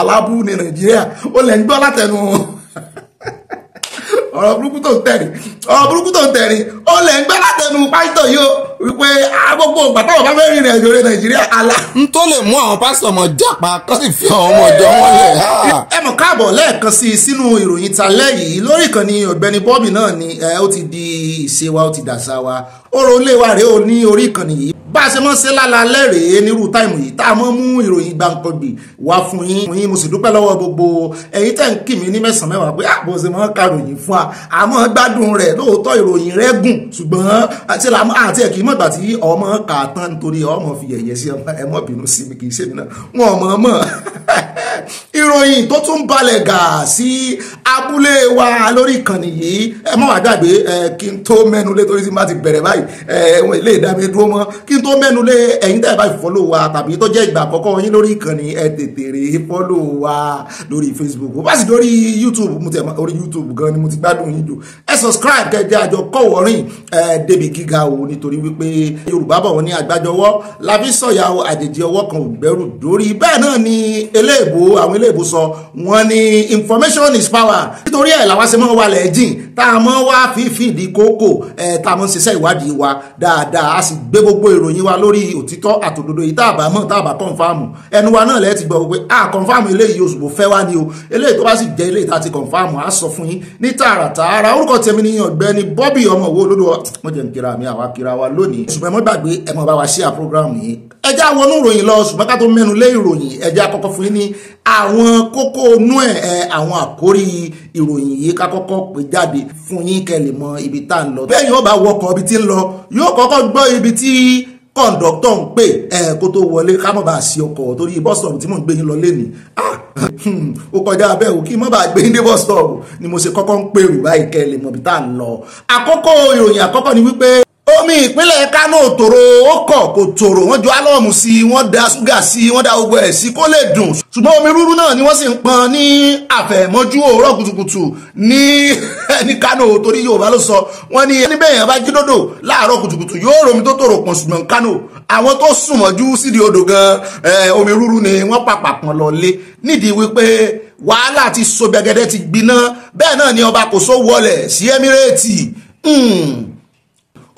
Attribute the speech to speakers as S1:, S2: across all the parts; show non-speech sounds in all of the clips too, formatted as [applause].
S1: alábù ní nàìjíríà ó lẹ̀ ń gbọ́ látẹnu ọ̀rọ̀ burúkú tó ń tẹ̀rí ọ̀rọ̀ burúkú tó ń tẹ̀rí ó lẹ̀ ń gbọ́ látẹnu pásítọ̀ yìí ó wípé agbogbo ìgbà táwọn bá fẹ́ rìnrìn àjò rẹ̀ nàìjíríà àlà. n tó lè mú àwọn pásítọ̀ mọ̀ jàpá kó sì fi àwọn ọmọ ọjọ́ wọn lẹ̀. ẹ mọ̀ káàbọ̀ lẹ́ẹ̀kan sí i sínú ìròyìn talẹ́ yìí lórí ìkànnì ọ̀gbẹ́ni bọ́ọ̀bì náà ni ó ti di ìṣe wa ó ti dàṣà wa ọ̀rọ̀ ilé wa rèé o ní orí ìkànnì yìí bá a ṣe mọ́ ṣe lálalẹ́ rèé nírú táìmù yìí tá a mọ́ mú ìròyìn gbàǹkangbì wá fún yín yín mo sì dúpẹ́ lọ́wọ́ gbogbo ẹ̀yin tẹ̀ ń kì mí ní mẹ́sàn-án mẹ́wàá pé àbò ṣe mọ́ ka ròyìn fún wa àmọ́ gbádùn rẹ̀ lóòótọ́ ìròyìn rẹ̀ gùn ṣùgbọ́n àti ẹ̀kì mọ̀ gbà tí ọmọ kà tán nítorí ọmọ fi yẹ̀yẹ́ sí ẹ [laughs] ìròyìn tó tún balẹ̀ gà sí abúlé wa lórí ìkànnì yìí ẹ mọ̀ wá gbàgbé kí n tó mẹ́nu lé torí tí n bá ti bẹ̀rẹ̀ báyìí ẹ̀wọ̀n ilé ìdámi dúró mọ́ kí n tó mẹ́nu lé ẹ̀yin tẹ́ ẹ bá fi wa tàbí tó jẹ́ ìgbà àkọ́kọ́ yín lórí ìkànnì ẹ tètè rè é fọ́lọ̀ wa lórí Facebook ó bá sì lórí YouTube mo tẹ̀ YouTube gan ni mo ti gbádùn yín jù ẹ subscribe kẹjẹ àjọ kọwọrin ẹ débi gíga o nítorí wípé yorùbá bọ̀ wọ́n ní àgbájọwọ́ láfi sọ̀yà àjèjì ọwọ́ kan ò gbẹ́rù dórí bẹ́ẹ̀ náà ni eléèbó àwọn eléèbó sọ wọ́n ní information is power nítorí ẹ̀ làwọn ṣe mọ́ wa lẹ̀ jìn tá a mọ́ wá fífi ìdí kókò ẹ̀ tá a mọ́ ṣiṣẹ́ ìwádìí wa dáadáa a sì gbé gbogbo ìròyìn wa lórí òtítọ́ àtòdodo yìí tá a bá mọ̀ tá a bá kọ́nfàmù ẹnu wa náà lẹ́ẹ̀ ti gbọ́ pé a ah, kọ́nfàmù eléyìí oṣù bò fẹ́ wá ni o eléyìí tó bá sì jẹ́ ṣe mí ní ọ̀gbẹ́ni Bobby ọmọ Ìwó Olódò mo jẹ́ kira mi àwa kira wa lónìí ṣùgbọ́n mo gbàgbé ẹ mọ̀ bá wa ṣe à program yìí ẹjẹ́ àwọn oníròyìn lọ ṣùgbọ́n ká tó mẹ́nu lé ìròyìn ẹjẹ́ àkọ́kọ́ fún yín ní àwọn kókó inú ẹ̀ àwọn àkórí ìròyìn yìí ká kọ́kọ́ pè jáde fún yín kẹ́ lè mọ ibi tá ń lọ bẹ́ẹ̀ yóò bá wọkọ̀ ibi tí ń lọ yóò kọ́kọ́ gbọ́ ibi tí kọ̀ǹdọ̀tọ̀ ń pè ẹ kó tó wọlé ká mọ̀ bá a sí ọkọ̀ torí bus stop tí mò ń gbé yín lọ lé nìí ah, hmm, ó kọjá abẹ́ ò kí mọ́ bá gbé yín dé bus ni mo ṣe kọ́kọ́ ń pèrò báyìí kẹ́ lè tá à lọ àkọ́kọ́ ìròyìn àkọ́kọ́ ni wípé omi ìpínlẹ̀ Kánò tòrò ó kọ̀ kò tòrò wọ́n ju álọ́ọ̀mù sí i wọ́n da ṣúgà sí i wọ́n da gbogbo ẹ̀ sí kó lè dùn ṣùgbọ́n omi rúrú náà ni wọ́n sì ń pọn ní àfẹ̀mọ́jú òwúrọ̀ kùtùkùtù ní [laughs] ní Kánò torí Yorùbá ló sọ wọ́n ní ẹni bẹ́ẹ̀ yẹn bá jí dòdò láàárọ̀ kùtùkùtù yóò romi tó tòrò pọ̀ ṣùgbọ́n Kánò àwọn tó sùnmọ́jú sídìí odò gan eh, omi rúrú ni wọ́n pàpà pọ̀ lọ lé nídìí wípé wàhálà ti so gbẹgẹdẹ ti gbiná bẹ́ẹ̀ náà ni ọba kò só wọlẹ̀ sí Emirate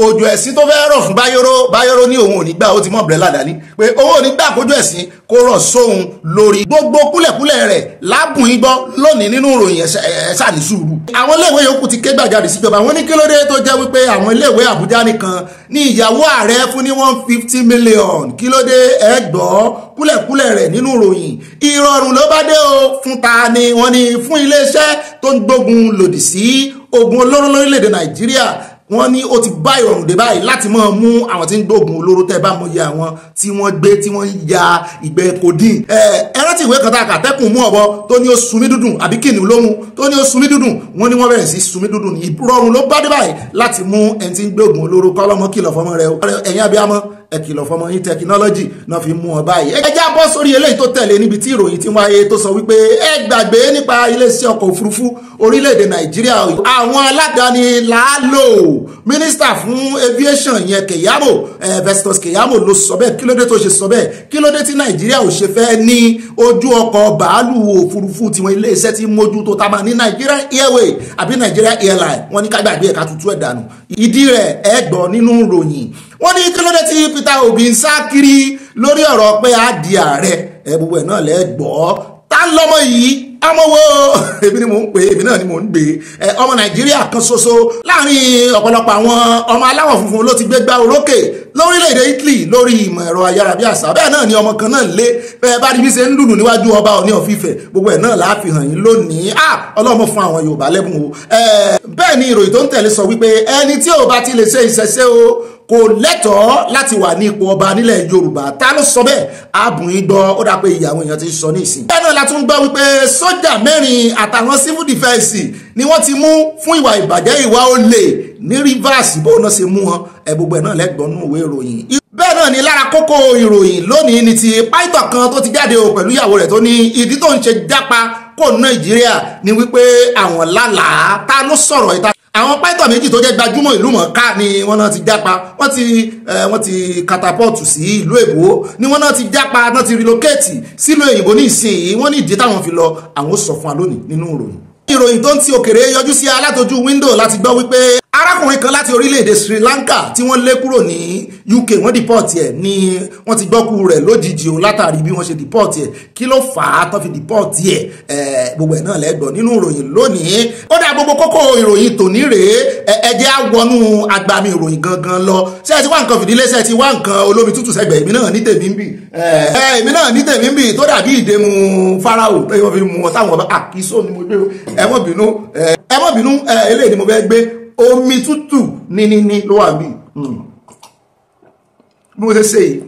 S1: òjò ẹ̀sìn tó fẹ́ rọ̀ fún báyóró báyóró ní òun ò ní gbà ó ti mọ̀ bẹ̀rẹ̀ ládàáni pé òun ò ní gbà kójú ẹ̀sìn kó rọ̀ sóhun lórí gbogbo kúlẹ̀kúlẹ̀ rẹ̀ lábùn igbọ́ lónìí nínú ìròyìn ẹ̀ṣà ní sùúrù. àwọn iléèwé yòókù ti ké gbàjarì síjọba wọn ní kí ló dé tó jẹ́ wípé àwọn iléèwé àbújá nìkan ní ìyàwó ààrẹ fún ní one fifty million kí ló dé ẹgbọ́ kúlẹ̀kúlẹ̀ rẹ̀ nínú ìròyìn ìrọ̀rùn ló bá dé o fún ta ni wọ́n ní fún iléeṣẹ́ tó ń gbógun lòdì sí ogun olóró lórílẹ̀‐èdè nàìjíríà wọ́n ní ó ti bá ìrọ̀rùn dé báyìí láti máa mú àwọn tí ń gbóògùn olóró tẹ́ bá mọyì àwọn tí wọ́n gbé tí wọ́n ya ìgbẹ́ codeine. ẹ ẹ rántí ìwé kan tá a kà tẹ́kùn mú ọ̀bọ tó ní ó sunmí dúdùn àbí kìnìún ló mu tó ní ó sunmí dúdùn wọ́n ní wọ́n bẹ̀rẹ̀ sí sunmí dúdùn ìrọ̀rùn ló bá dé báyìí láti mú ẹni tí ń gbóògùn olóró kọ́lọ́mọ kìlọ̀ fọmọ rẹ o. ẹ̀yin abiyamọ ẹ kìlọ̀ fọmọ yín tẹkinọ́lọ́jì náà fi mú wọn báyìí. ẹ já bọ́ sórí eléyìí tó tẹ̀lé níbi tí ìròyìn ti wáyé tó sọ wípé ẹ gbàgbé nípa iléeṣẹ́ ọkọ̀ òfurufú orílẹ̀-èdè nàìjíríà àwọn aládàáni làálò mínísítà fún aviation yẹn kẹyàmó Festus eh, kẹyàmó ló sọ bẹ́ẹ̀ kí ló dé tó ṣe sọ bẹ́ẹ̀ kí ló dé tí nàìjíríà ò ṣe fẹ́ ní ojú ọkọ̀ bàálù òfurufú tiwọn iléeṣẹ́ tí mójútó tá a ní nàìjíríà airway àbí nàìjíríà airline wọ́n ní ká gbàgbé ẹ̀ka tuntun ẹ̀ dànù ìdí rẹ̀ ẹ̀ gbọ́ nínú ròyìn wọ́n ní kí ló dé tí Peter Obi ń sá kiri lórí ọ̀rọ̀ pé á di ààrẹ ẹ gbogbo ẹ̀ náà lẹ́ gbọ́ ta lọ́mọ yìí amọ́wọ́ [laughs] èmi ni mò ń pè èmi náà ni mò ń gbé e. ọmọ Nàìjíríà kan ṣoṣo láàrin ọ̀pọ̀lọpọ̀ àwọn ọmọ aláwọ̀ funfun ló ti gbégbá orókè lórílẹ̀‐èdè Italy lórí ìmọ̀ ẹ̀rọ ayárabíàṣá bẹ́ẹ̀ náà ni ọmọ kan náà lé bẹ́ẹ̀ bá rí bí ṣe ń dùnnù níwájú ọba Ọọ̀ni of Ifẹ̀ gbogbo ẹ̀ náà la fi hàn yín lónìí à ọlọ́mọ fún àwọn Yorùbá lẹ́bùn o bẹ́ẹ̀ ni ìròyìn tó ń tẹ̀lé sọ wípé ẹni tí ò bá ti lè ṣe ìṣẹ̀ṣe o kò lẹ́tọ̀ọ́ láti wà ní ipò ọba nílẹ̀ yorùbá ta ló sọ bẹ́ẹ̀ abùnrin gbọ́ ó dà pé ìyàwó èèyàn ti ń sọ ní ìsìn. bẹ́ẹ̀ náà la tún gbọ́ wípé sójà mẹ́rin àtàwọn civil defence ni wọ́n ti mú fún ìwà ìbàjẹ́ ìwà olè ní rivers bó náà ṣe mú wọn ẹ̀ ẹ̀ náà lẹ́gbọ̀n nínú ìwé ìròyìn. bẹ́ẹ̀ náà ni lára kókó ìròyìn lónìí ni ti pító kan tó ti jáde o pẹ̀lú ìyàwó rẹ̀ tó ní ìdí tó ń ṣe jápa kó nàìjíríà ni wípé àwọn lálàá ta ló sọ̀rọ̀ ìta àwọn pító méjì tó jẹ́ gbajúmọ̀ ìlú mọ̀ọ́ká ni wọ́n náà ti jápa wọ́n ti wọ́n ti katapọ́ọ̀tù sí ìlú èbó ni wọ́n náà ti jápa náà ti relocate sílùú èyìnbó ní ìsinyìí wọ́n ní ìdí táwọn fi lọ àwọn sọ fún wa lónìí nínú ìròyìn. ìròyìn tó ń ti òkèrè yọjú sí alátojú wíńdò láti gbọ́ wípé arákùnrin kan láti orílẹ̀-èdè Sri Lanka tí wọ́n lé kúrò ní UK wọ́n dìpọ́ọ̀tì ẹ̀ ni wọ́n ti gbọ́kú rẹ̀ lójijì o látàrí bí wọ́n ṣe dìpọ́ọ̀tì ẹ̀ kí ló fà á tó fi dìpọ́ọ̀tì ẹ̀ gbogbo ẹ̀ náà lẹ́gbọ̀n nínú ìròyìn lónìí ó dà gbogbo kókó ìròyìn tòní rèé ẹ jẹ́ á wọnú agbami ìròyìn gangan lọ ṣé ẹ ti wá nǹkan fìdílé ṣé ẹ ti wá nǹkan olómi tútù sẹ́gbẹ̀ èmi náà ní tèmi ń bì èmi náà ní tèmi ń bì omi tútù nínínní ló wà bí hmm. bí mo ṣe ṣe yìí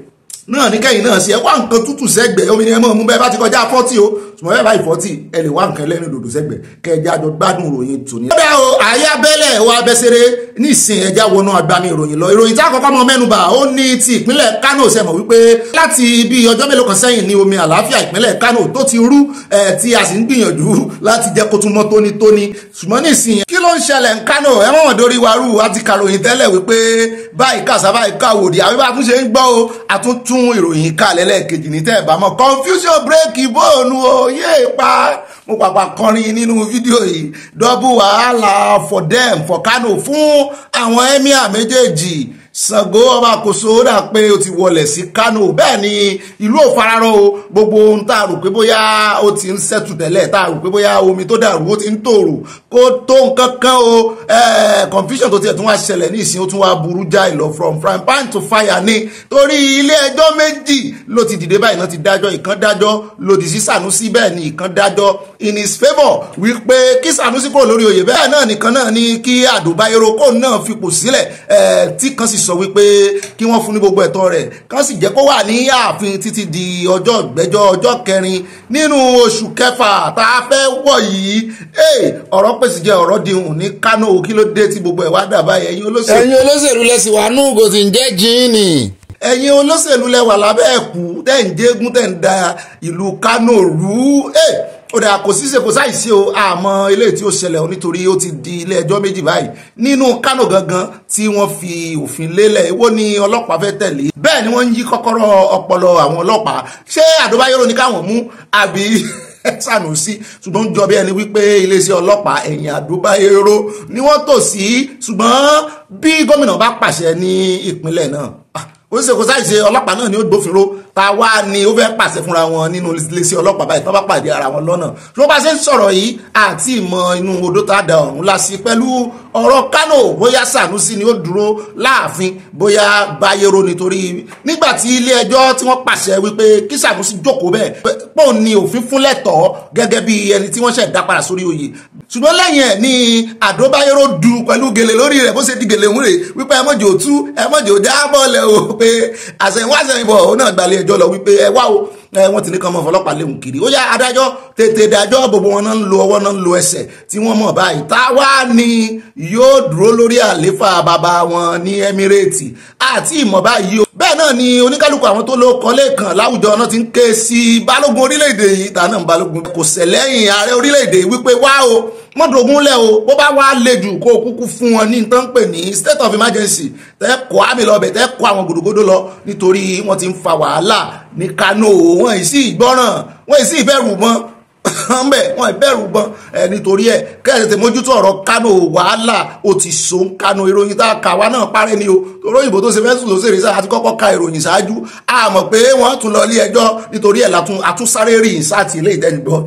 S1: náà ní kẹ́yìn náà sí ẹ wá nǹkan tútù sẹ́gbẹ̀ẹ́ omi ni ẹ mọ̀ mú bẹ́ẹ̀ bá ti kọjá fọ́tì o ṣùgbọ́n bẹ́ẹ̀ bá ìfọ́tì ẹ lè wá nǹkan lẹ́nu dòdò sẹ́gbẹ̀ kẹ ẹja jọ gbádùn ìròyìn tòní. ó dáa o àyè abẹ́lẹ̀ wa abẹ́sẹ̀rẹ̀ nísìn ẹja wọnú agbami ìròyìn lọ ìròyìn tá a kọ́kọ́ mọ mẹ́nubà ó ní ti ìpínlẹ̀ Kánò sẹ́mọ̀ wípé láti bí ọjọ́ mélòó kan sẹ́yìn ní omi àlàáfíà ìpínlẹ̀ Kánò tó ti rú ẹ̀ tí a sì ń gbìyànjú láti jẹ́ kó tún mọ́ tónítóní ṣùgbọ́n nísìn kí ló ń ṣẹlẹ̀ ń Kánò ẹ mọ̀mọ́ dorí warú àti kàròyìn tẹ́lẹ̀ wípé báyìí kàṣà báyìí káwòdì àbí bá a confusion break ìbóònù o yé e pa mo pàpà kọrin nínú fídíò yìí double wàhálà for them for Kano fún àwọn emir méjèèjì Ṣàngó ọba àkóso dà pé o ti wọlẹ̀ sí Kánò bẹ́ẹ̀ ni ìlú ò fararọ o gbogbo ohun tá a rò pé bóyá o ti ń ṣẹ́tù tẹ́lẹ̀ tá a rò pé bóyá omi tó dàrú o ti ń tòrò kó tó nǹkan kan o eh, confusion tó tiẹ̀ tún wá ṣẹlẹ̀ ní ìsìn ó tún wá burú jáì lọ from frying pan to fire ni torí ilé ẹjọ́ méjì ló ti dìde báyìí náà ti dájọ́ ìkan dájọ́ lòdì sí Sànúsí bẹ́ẹ̀ ni ìkan dájọ́ in his favour wípé kí Sànúsí kúrò lórí oyè bẹ́ẹ̀ náà nìkan náà ni kí Àdòbáyérò kóun náà fipò sílẹ̀ eh, tí kan sì s sọ wípé kí wọ́n fún ní gbogbo ẹ̀tọ́ rẹ̀ kán sì jẹ́ kó wà ní ààfin títí di ọjọ́ ìgbẹ́jọ́ ọjọ́ kẹrin nínú oṣù kẹfà tá a fẹ́ wọ̀ yìí ọ̀rọ̀ pèsè jẹ́ ọ̀rọ̀ dihun ní Kánò kí ló dé tí gbogbo ẹ̀ wá dàbá ẹ̀yin olóṣèlú. ẹ̀yin olóṣèlú lẹ́sìn wa nù kò sì ń jẹ́ jíìnì ẹ̀yin olóṣèlú lẹ́wà lábẹ́ ẹ̀kú tẹ̀ ń jégún tẹ̀ ń da ìlú Kánò rú ó dà kò sí ṣe kò sáì sí o àmọ́ eléyìí tí ó ṣẹlẹ̀ nítorí ó ti di ilé ẹjọ́ méjì báyìí nínú Kánò gangan tí wọ́n fi òfin lélẹ̀ èwo ni ọlọ́pàá fẹ́ tẹ̀lé bẹ́ẹ̀ ni wọ́n ń yí kọ́kọ́rọ́ ọpọlọ àwọn ọlọ́pàá ṣé àdóbáyọ̀rọ̀ ní káwọn mú àbí Sanusi [laughs] ṣùgbọ́n jọ bí ẹni wípé iléeṣẹ́ ọlọ́pàá ẹ̀yìn àdóbáyọ̀rọ̀ ni wọ́n tò sí ṣùgbọ́n bí gómìnà bá pàṣẹ ní ìpínlẹ̀ náà ó sì ṣe kó sáì ṣe ọlọ́pàá náà ni ó gbófinró ta wá ni ó fẹ́ pàṣẹ fúnra wọn nínú iléeṣẹ́ ọlọ́pàá báyìí tó bá pàdé ara wọn lọ́nà ló bá ṣe ń sọ̀rọ̀ yìí àti ìmọ̀ inú odò tá a da ọ̀run la sí pẹ̀lú ọ̀rọ̀ Kánò bóyá Sànúsì ni ó dúró láàfin bóyá Bayero nítorí nígbà tí ilé ẹjọ́ tí wọ́n pàṣẹ wípé kí Sànúsì jókòó bẹ́ẹ̀ pò ní òfin fúnlẹ̀ tọ́ gẹ́gẹ́ bí ẹni tí wọ́n ṣẹ̀ dá padà sórí oyè ṣùgbọ́n lẹ́yìn ẹ̀ ni Àdó Bayero dù pẹ̀lú gèlè lórí rẹ̀ bó ṣe di gèlè òun rè wípé ẹ mọ̀jọ̀ tú ẹ mọ̀jọ̀ dábọ̀lẹ̀ o pé àsẹ̀yìnwá àsẹ̀yìnbọ̀ òun náà gbalẹ̀ ẹjọ́ lọ wípé ẹ wá o Eh, wọ́n ti ní kán mọ́ fọlọ́pàá léwu kiri ó yá adájọ́ tètè dájọ́ gbogbo wọn náà ń lo ọwọ́ náà ń lo ẹsẹ̀ tí wọ́n mọ̀ báyìí táwa ni yóò dúró lórí àléfà bàbá wọn ní Emirate àti ìmọ̀ báyìí o bẹ́ẹ̀ náà ni oníkálukú àwọn tó ló kọ́lé kan láwùjọ náà ti ń ké sí balógun orílẹ̀-èdè yìí tànà balógun kò sẹ̀lẹ́yìn ààrẹ orílẹ̀-èdè wípé wá o mọ́dọ̀gún lẹ̀ o bó bá wá le jù kó kúkú fún wọn ní nǹkan pè ní state of emergency tẹ́ kọ́ àmì lọ bẹ̀ tẹ́ kọ́ àwọn gòdògòdò lọ nítorí wọ́n ti ń fa wàhálà ní Kano wọn ì sí ìgbọ́ràn wọn ì sí ìbẹ̀rù mọ́ wọn bẹ̀ wọn ìbẹ̀rù mọ́ ẹ nítorí ẹ kẹ́sìtì mójútó ọ̀rọ̀ Kano wàhálà ó ti so ń Kano ìròyìn tá a kà wá náà parẹ́ ni o torí òyìnbó tó ṣe fẹ́sùn ló ṣe sáà àti kọ́kọ́ ka ìròyìn ṣáájú a mọ̀ pé wọ́n tún lọ ilé ẹjọ́ nítorí ẹ̀ látún àtúnsáré rí ìsáàtì ilé ìdẹ́nìgbọ́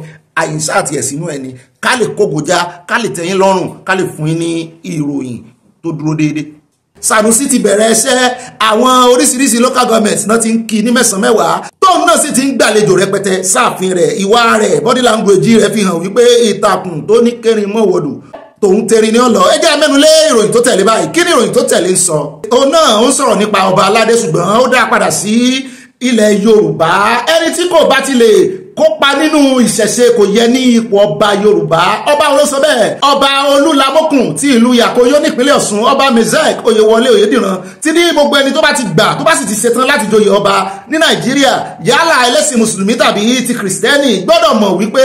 S1: àyìnsá àti ẹ̀sìnú ẹni ká lè kógojá ká lè tẹ́yìn lọ́rùn ká lè fún yín ní ìròyìn tó dúró déédéé Sanusi ti bẹ̀rẹ̀ iṣẹ́ àwọn oríṣiríṣi local government náà ti ń kí ní mẹ́sàn-án mẹ́wàá tóun náà sì ti ń gbàlejò rẹpẹtẹ sáàfin rẹ̀ ìwà rẹ̀ body language rẹ̀ fi hàn wípé ìtàkùn tó ní kẹrin mọ́wọ́dù tòun tẹ̀rí ní ọ̀lọ́ ẹ jẹ́ amẹ́nulé ìròyìn tó tẹ̀lé báyìí kí ni ìròyìn tó tẹ̀lé ń sọ. òun náà ń sọ̀rọ̀ nípa ọba aládé ṣùgbọ́n ó dá padà sí ilẹ̀ yorùbá ẹni tí kò bá ti lè kópa nínú ìṣẹ̀ṣe kò yẹ ní ipò ọba yorùbá ọba òun ló sọ bẹ́ẹ̀ ọba olúlamọ́kùn ti ìlú yàkóyó nípínlẹ̀ ọ̀ṣun ọba mezek oyèwọlé oyèdìran ti ní gbogbo ẹni tó bá ti gbà tó bá sì ti ṣetán láti joyè ọba ní nàìjíríà yálà ẹlẹ́sìn mùsùlùmí tàbí ti kìrìsìtẹ́nì gbọ́dọ̀ mọ̀ wípé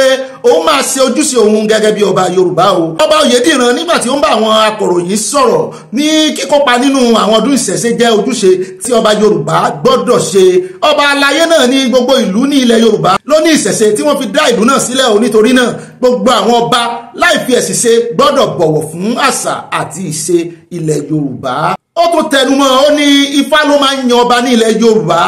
S1: òun máa ṣe ojúṣe òun gẹ́gẹ́ bí ọba yorùbá o ọba oyèdìran nígbà tí ó ń bá àwọn akọ̀ròyìn sọ̀rọ̀ ní kíkópa nínú àwọn ọdún ìṣẹ̀ṣe jẹ́ ojúṣe tí ọba yorùbá gbọ́dọ̀ ṣe ọba alayé náà ní gbogbo ìlú ní ilẹ̀ yorùbá ló ní ìṣẹ̀ṣe tí wọ́n fi dá ìlú náà sílẹ̀ o nítorí náà gbogbo àwọn ọba láì fi ẹ̀sìn ṣe gbọ́dọ̀ bọ̀wọ̀ fún àṣà àti ìṣe ilẹ̀ Yorùbá ó tún tẹnumọ́ ó ní ifá ló máa ń yan ọba ní ilẹ̀ Yorùbá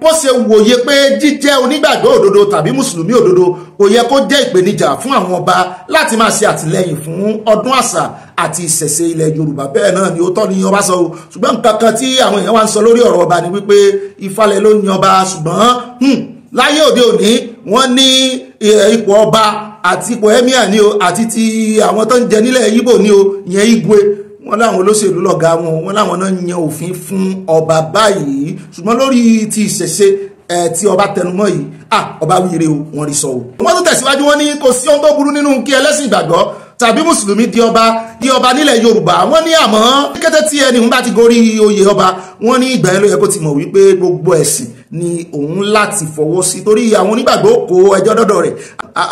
S1: bó ṣe wòye pé jíjẹ́ onígbàgbọ́ òdodo tàbí mùsùlùmí òdodo kò yẹ kó jẹ́ ìpèníjà fún àwọn ọba láti máa ṣe àtìlẹ́yìn fún ọdún àṣà àti ìṣẹ̀ṣe ilẹ̀ yorùbá bẹ́ẹ̀ náà ni ó tọ́ ni ọba sọ ṣùgbọ́n nǹkan kan tí àwọn èèyàn wá ń sọ lórí ọ̀rọ̀ ọba ni wípé ìfalẹ̀ ló ń yan ọba ṣùgbọ́n hmm, láyé òde òní wọ́n ní e, ipò ọba àti ipò emir ni o àti ti àwọn tó ń jẹ nílẹ̀ Ìgbò ni o yẹn Igwe wọ́n láwọn olóṣèlú lọ̀gá wọn wọ́n láwọn náà yan òfin fún ọba báyìí ṣùgbọ́n lórí ti ìṣẹ̀ṣe tí ọba tẹnumọ́ yìí ah ọba wíire o wọ́n rí sọ o. wọ́n tún tẹ̀síwájú wọ́n ní kò sí ohun tó burú nínú kí ẹlẹ́sìn ìgbàgbọ́ tàbí mùsùlùmí di ọba di ọba nílẹ̀ yorùbá wọ́n ní àmọ́ kété tí ẹni òun bá ti gorí oyè ọba wọ́n ní ìgbà yẹn ló yẹ kó ti mọ̀ wípé gbogbo ẹ̀sìn ni òun láti fọwọ́ sí torí àwọn onígbàgbọ́ ó kó ẹjọ́ dọ́dọ̀ rẹ̀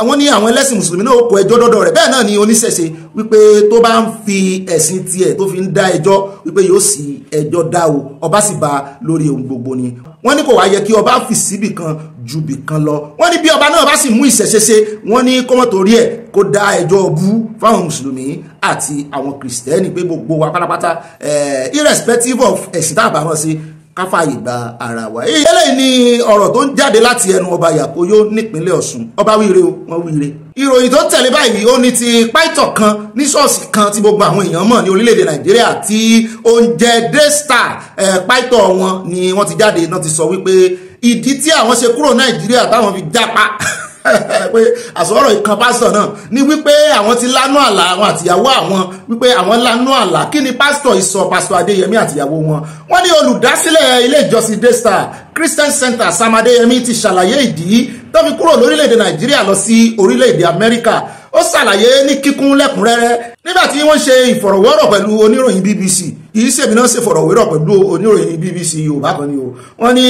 S1: àwọn ní àwọn ẹlẹ́sìn mùsùlùmí náà kó ẹjọ́ dọ́dọ̀ rẹ̀ bẹ́ẹ̀ náà ni oníṣẹ̀ṣe wípé tó bá ń fi ẹ̀sìn tiẹ̀ tó fi ń dá ẹjọ́ wípé yóò sì ẹjọ́ dá o ọba sì bá lórí ohun gbogbo ni wọ́n ní kò wá yẹ kí ọba fi síbì kan ju bì kan lọ wọ́n ní bí ọba náà bá sì mú ìṣẹ̀ṣe ṣe wọ́n ní kọ́mọ́ torí ẹ̀ kó dá ẹjọ́ bú fáwọn mùsùlùmí àti àwọn kìrìsìtẹ́nì pé gbogbo wa pátápátá eh, irrespective of ẹ̀sìn tá a sí ká fààyè gba ara wa. eléyìí ni ọ̀rọ̀ tó ń jáde láti ẹnu ọba Yakoyo nípínlẹ̀ Ọ̀ṣun ọba wíire o wọ́n wíire. ìròyìn tó tẹ̀lé báyìí ó ní ti pító kan ní ṣọ́ọ̀ṣì kan tí gbogbo àwọn èèyàn mọ̀ ní orílẹ̀-èdè Nàìjíríà tí oúnjẹ Daystar pító wọn ni wọ́n ti jáde náà ti sọ wípé ìdí tí àwọn ṣe kúrò Nàìjíríà táwọn fi jápa [laughs] pé àsọ̀rọ̀ ìkan pásítọ̀ náà ní wípé àwọn ti lánú àlá àwọn àtìyàwó àwọn wípé àwọn lánú àlá kí ni pásítọ̀ ìsọ pásítọ̀ adéyẹmí àtìyàwó wọn wọ́n ní olùdásílẹ̀ ilé ìjọsìn daystar christian center sam adéyẹmí ti ṣàlàyé ìdí tó fi kúrò lórílẹ̀‐èdè nàìjíríà lọ sí orílẹ̀‐èdè amẹ́ríkà ó ṣàlàyé ní kíkún lẹ́kùnrẹ́rẹ́ nígbà tí wọ́n ṣe ìfọ̀rọ̀wọ́rọ̀ pẹ̀lú oníròyìn bbc kì í ṣèmi náà ṣe fọ̀rọ̀wérọ̀ pẹ̀lú oníròyìn bbc yorùbá kan ni o wọ́n ní